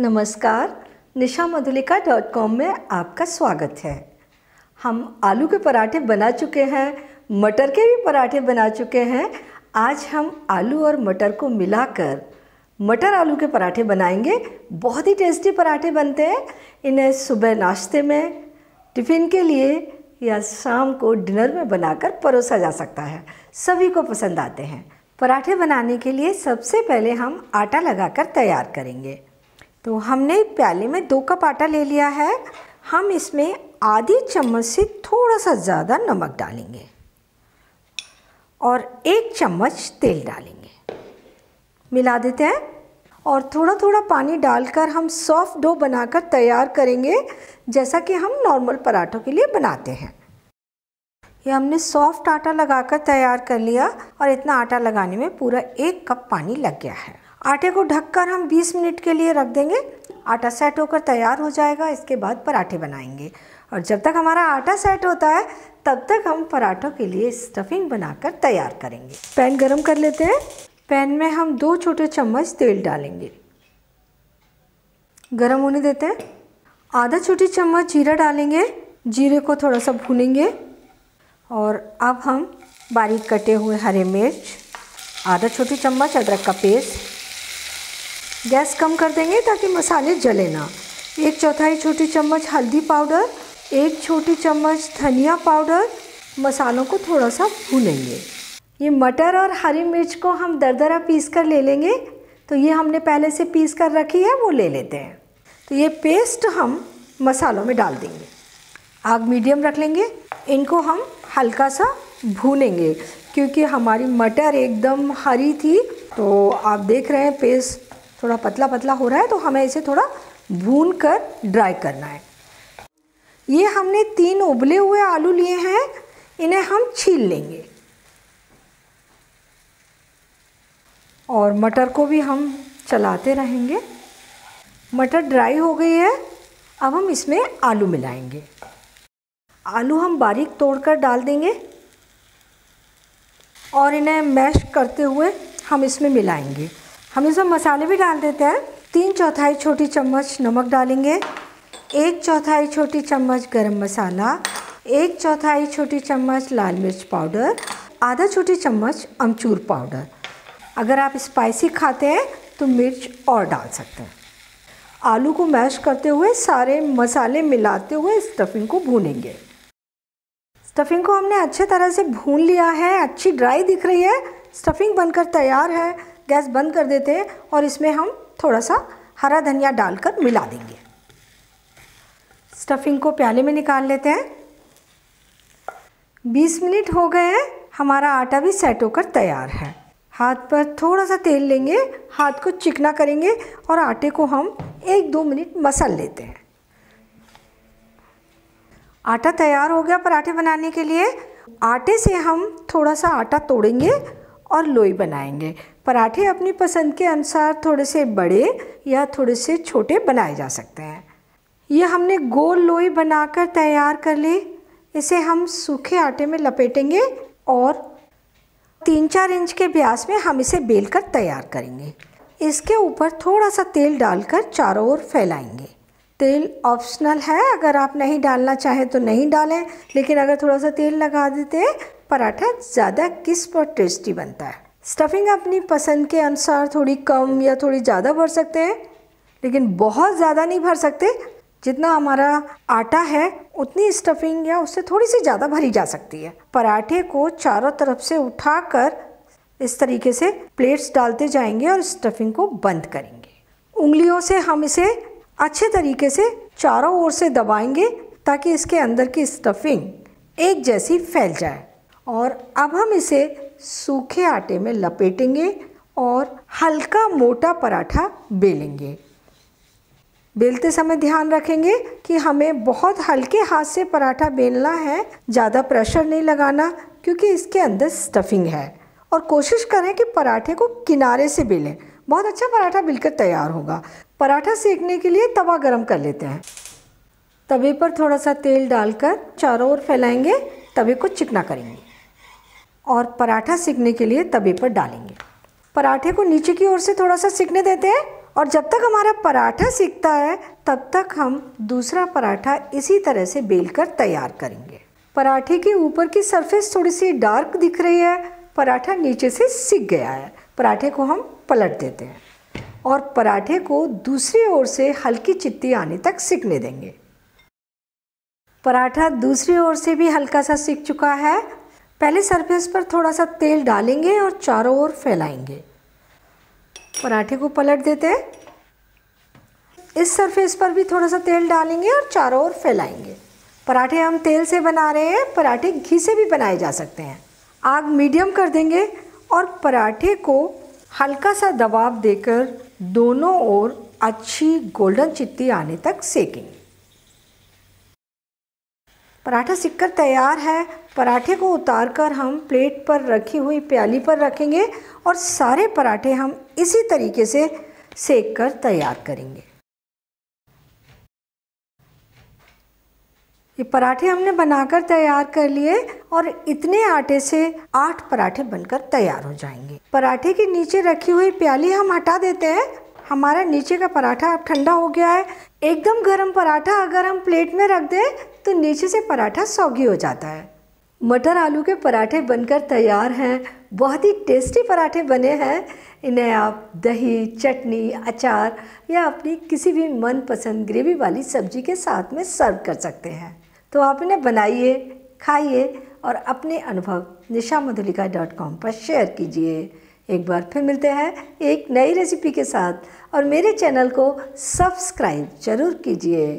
नमस्कार Nisha Madhulika dot com में आपका स्वागत है हम आलू के पराठे बना चुके हैं मटर के भी पराठे बना चुके हैं आज हम आलू और मटर को मिलाकर मटर आलू के पराठे बनाएंगे बहुत ही टेस्टी पराठे बनते हैं इन्हें सुबह नाश्ते में टिफ़िन के लिए या शाम को डिनर में बनाकर परोसा जा सकता है सभी को पसंद आते हैं पराठे बनाने के लिए सबसे पहले हम आटा लगाकर तैयार करेंगे तो हमने प्याले में दो कप आटा ले लिया है हम इसमें आधी चम्मच से थोड़ा सा ज़्यादा नमक डालेंगे और एक चम्मच तेल डालेंगे मिला देते हैं और थोड़ा थोड़ा पानी डालकर हम सॉफ्ट डो बनाकर तैयार करेंगे जैसा कि हम नॉर्मल पराठों के लिए बनाते हैं ये हमने सॉफ्ट आटा लगाकर तैयार कर लिया और इतना आटा लगाने में पूरा एक कप पानी लग गया है आटे को ढककर हम 20 मिनट के लिए रख देंगे आटा सेट होकर तैयार हो जाएगा इसके बाद पराठे बनाएंगे और जब तक हमारा आटा सेट होता है तब तक हम पराठों के लिए स्टफिंग बनाकर तैयार करेंगे पैन गरम कर लेते हैं पैन में हम दो छोटे चम्मच तेल डालेंगे गरम होने देते हैं आधा छोटी चम्मच जीरा डालेंगे जीरे को थोड़ा सा भूनेंगे और अब हम बारीक कटे हुए हरे मिर्च आधा छोटी चम्मच अदरक का पेस्ट गैस कम कर देंगे ताकि मसाले जले ना एक चौथाई छोटी चम्मच हल्दी पाउडर एक छोटी चम्मच धनिया पाउडर मसालों को थोड़ा सा भूनेंगे ये मटर और हरी मिर्च को हम दरदरा पीस कर ले लेंगे तो ये हमने पहले से पीस कर रखी है वो ले लेते हैं तो ये पेस्ट हम मसालों में डाल देंगे आग मीडियम रख लेंगे इनको हम हल्का सा भूनेंगे क्योंकि हमारी मटर एकदम हरी थी तो आप देख रहे हैं पेस्ट थोड़ा पतला पतला हो रहा है तो हमें इसे थोड़ा भून कर ड्राई करना है ये हमने तीन उबले हुए आलू लिए हैं इन्हें हम छील लेंगे और मटर को भी हम चलाते रहेंगे मटर ड्राई हो गई है अब हम इसमें आलू मिलाएंगे आलू हम बारीक तोड़कर डाल देंगे और इन्हें मैश करते हुए हम इसमें मिलाएंगे हम इसमें मसाले भी डाल देते हैं तीन चौथाई छोटी चम्मच नमक डालेंगे एक चौथाई छोटी चम्मच गरम मसाला एक चौथाई छोटी चम्मच लाल मिर्च पाउडर आधा छोटी चम्मच अमचूर पाउडर अगर आप स्पाइसी खाते हैं तो मिर्च और डाल सकते हैं आलू को मैश करते हुए सारे मसाले मिलाते हुए स्टफिंग को भूनेंगे स्टफिंग को हमने अच्छे तरह से भून लिया है अच्छी ड्राई दिख रही है स्टफिंग बनकर तैयार है गैस बंद कर देते हैं और इसमें हम थोड़ा सा हरा धनिया डालकर मिला देंगे स्टफिंग को प्याले में निकाल लेते हैं 20 मिनट हो गए हैं हमारा आटा भी सेट होकर तैयार है हाथ पर थोड़ा सा तेल लेंगे हाथ को चिकना करेंगे और आटे को हम एक दो मिनट मसल लेते हैं आटा तैयार हो गया पराठे बनाने के लिए आटे से हम थोड़ा सा आटा तोड़ेंगे और लोई बनाएंगे पराठे अपनी पसंद के अनुसार थोड़े से बड़े या थोड़े से छोटे बनाए जा सकते हैं ये हमने गोल लोई बनाकर तैयार कर ली इसे हम सूखे आटे में लपेटेंगे और तीन चार इंच के ब्यास में हम इसे बेल कर तैयार करेंगे इसके ऊपर थोड़ा सा तेल डालकर चारों ओर फैलाएंगे तेल ऑप्शनल है अगर आप नहीं डालना चाहें तो नहीं डालें लेकिन अगर थोड़ा सा तेल लगा देते पराठा ज़्यादा क्रिस्प और टेस्टी बनता है स्टफिंग अपनी पसंद के अनुसार थोड़ी कम या थोड़ी ज़्यादा भर सकते हैं लेकिन बहुत ज़्यादा नहीं भर सकते जितना हमारा आटा है उतनी स्टफिंग या उससे थोड़ी सी ज़्यादा भरी जा सकती है पराठे को चारों तरफ से उठाकर इस तरीके से प्लेट्स डालते जाएंगे और स्टफिंग को बंद करेंगे उंगलियों से हम इसे अच्छे तरीके से चारों ओर से दबाएंगे ताकि इसके अंदर की स्टफिंग एक जैसी फैल जाए और अब हम इसे सूखे आटे में लपेटेंगे और हल्का मोटा पराठा बेलेंगे बेलते समय ध्यान रखेंगे कि हमें बहुत हल्के हाथ से पराठा बेलना है ज़्यादा प्रेशर नहीं लगाना क्योंकि इसके अंदर स्टफिंग है और कोशिश करें कि पराठे को किनारे से बेलें बहुत अच्छा पराठा बिलकर तैयार होगा पराठा सेकने के लिए तवा गरम कर लेते हैं तवे पर थोड़ा सा तेल डालकर चारों ओर फैलाएंगे तवे को चिकना करेंगे और पराठा सीखने के लिए तवे पर डालेंगे पराठे को नीचे की ओर से थोड़ा सा सीखने देते हैं और जब तक हमारा पराठा सीखता है तब तक हम दूसरा पराठा इसी तरह से बेलकर तैयार करेंगे पराठे के ऊपर की सरफेस थोड़ी सी डार्क दिख रही है पराठा नीचे से सीख गया है पराठे को हम पलट देते हैं और पराठे को दूसरी ओर से हल्की चित्ती आने तक सीखने देंगे पराठा दूसरी ओर से भी हल्का सा सीख चुका है पहले सरफेस पर थोड़ा सा तेल डालेंगे और चारों ओर फैलाएंगे पराठे को पलट देते हैं इस सरफेस पर भी थोड़ा सा तेल डालेंगे और चारों ओर फैलाएंगे पराठे हम तेल से बना रहे हैं पराठे घी से भी बनाए जा सकते हैं आग मीडियम कर देंगे और पराठे को हल्का सा दबाव देकर दोनों ओर अच्छी गोल्डन चित्ती आने तक सेकेंगे पराठा कर तैयार है पराठे को उतारकर हम प्लेट पर रखी हुई प्याली पर रखेंगे और सारे पराठे हम इसी तरीके से सेक कर तैयार करेंगे ये पराठे हमने बनाकर तैयार कर लिए और इतने आटे से आठ पराठे बनकर तैयार हो जाएंगे पराठे के नीचे रखी हुई प्याली हम हटा देते हैं हमारा नीचे का पराठा अब ठंडा हो गया है एकदम गर्म पराठा अगर हम प्लेट में रख दें तो नीचे से पराठा सौगी हो जाता है मटर आलू के पराठे बनकर तैयार हैं बहुत ही टेस्टी पराठे बने हैं इन्हें आप दही चटनी अचार या अपनी किसी भी मनपसंद ग्रेवी वाली सब्जी के साथ में सर्व कर सकते हैं तो आप इन्हें बनाइए खाइए और अपने अनुभव निशा मधुलिका डॉट कॉम पर शेयर कीजिए एक बार फिर मिलते हैं एक नई रेसिपी के साथ और मेरे चैनल को सब्सक्राइब जरूर कीजिए